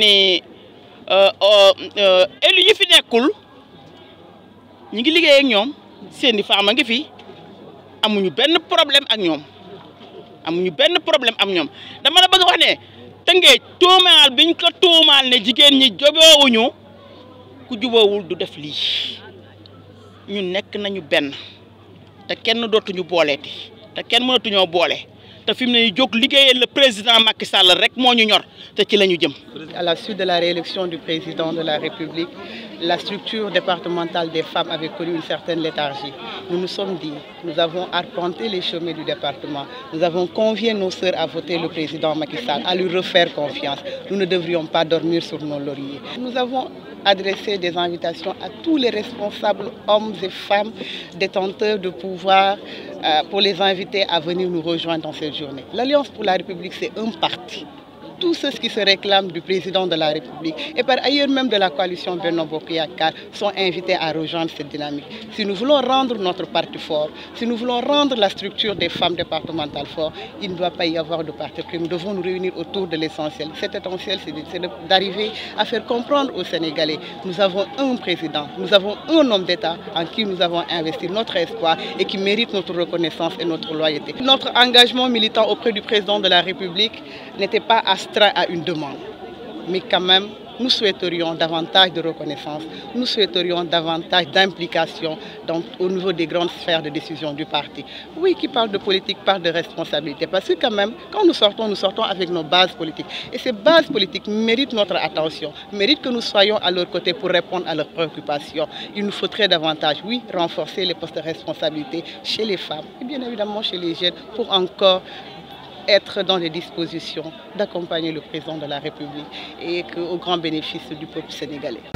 ni euh, euh, euh, élu yi fi nekkul ñi ngi liggéey ak ñoom seeni faama ngi fi amuñu benn problème ak ñoom amuñu benn problème am ñoom dama la bëgg wax ne tëngee tuumaal biñ ko tuumaal ne jigéen ñi joboowuñu ku juboowul du def lii ñu nekk nañu benn te kenn dootuñu booleeti te kenn mënatuñoo boole le président Macky Sall rek ñor ci la jëm. à la suite de la réélection du président de la République la structure départementale des femmes avait connu une certaine léthargie nous nous sommes dit nous avons arpenté les chemins du département nous avons convié nos sœurs à voter le président Macky Sall à lui refaire confiance nous ne devrions pas dormir sur nos lauriers nous avons adresser des invitations à tous les responsables, hommes et femmes, détenteurs de pouvoir, euh, pour les inviter à venir nous rejoindre dans cette journée. L'Alliance pour la République, c'est un parti tous ceux qui se réclament du président de la République et par ailleurs même de la coalition Benoît Bokuyakar sont invités à rejoindre cette dynamique. Si nous voulons rendre notre parti fort, si nous voulons rendre la structure des femmes départementales fort, il ne doit pas y avoir de parti pris. Nous devons nous réunir autour de l'essentiel. Cet essentiel, c'est d'arriver à faire comprendre aux Sénégalais nous avons un président, nous avons un homme d'État en qui nous avons investi notre espoir et qui mérite notre reconnaissance et notre loyauté. Notre engagement militant auprès du président de la République n'était pas à à une demande. Mais quand même, nous souhaiterions davantage de reconnaissance, nous souhaiterions davantage d'implication au niveau des grandes sphères de décision du parti. Oui, qui parle de politique parle de responsabilité, parce que quand même, quand nous sortons, nous sortons avec nos bases politiques. Et ces bases politiques méritent notre attention, méritent que nous soyons à leur côté pour répondre à leurs préoccupations. Il nous faudrait davantage, oui, renforcer les postes de responsabilité chez les femmes et bien évidemment chez les jeunes pour encore être dans les dispositions d'accompagner le président de la République et qu'au au grand bénéfice du peuple sénégalais.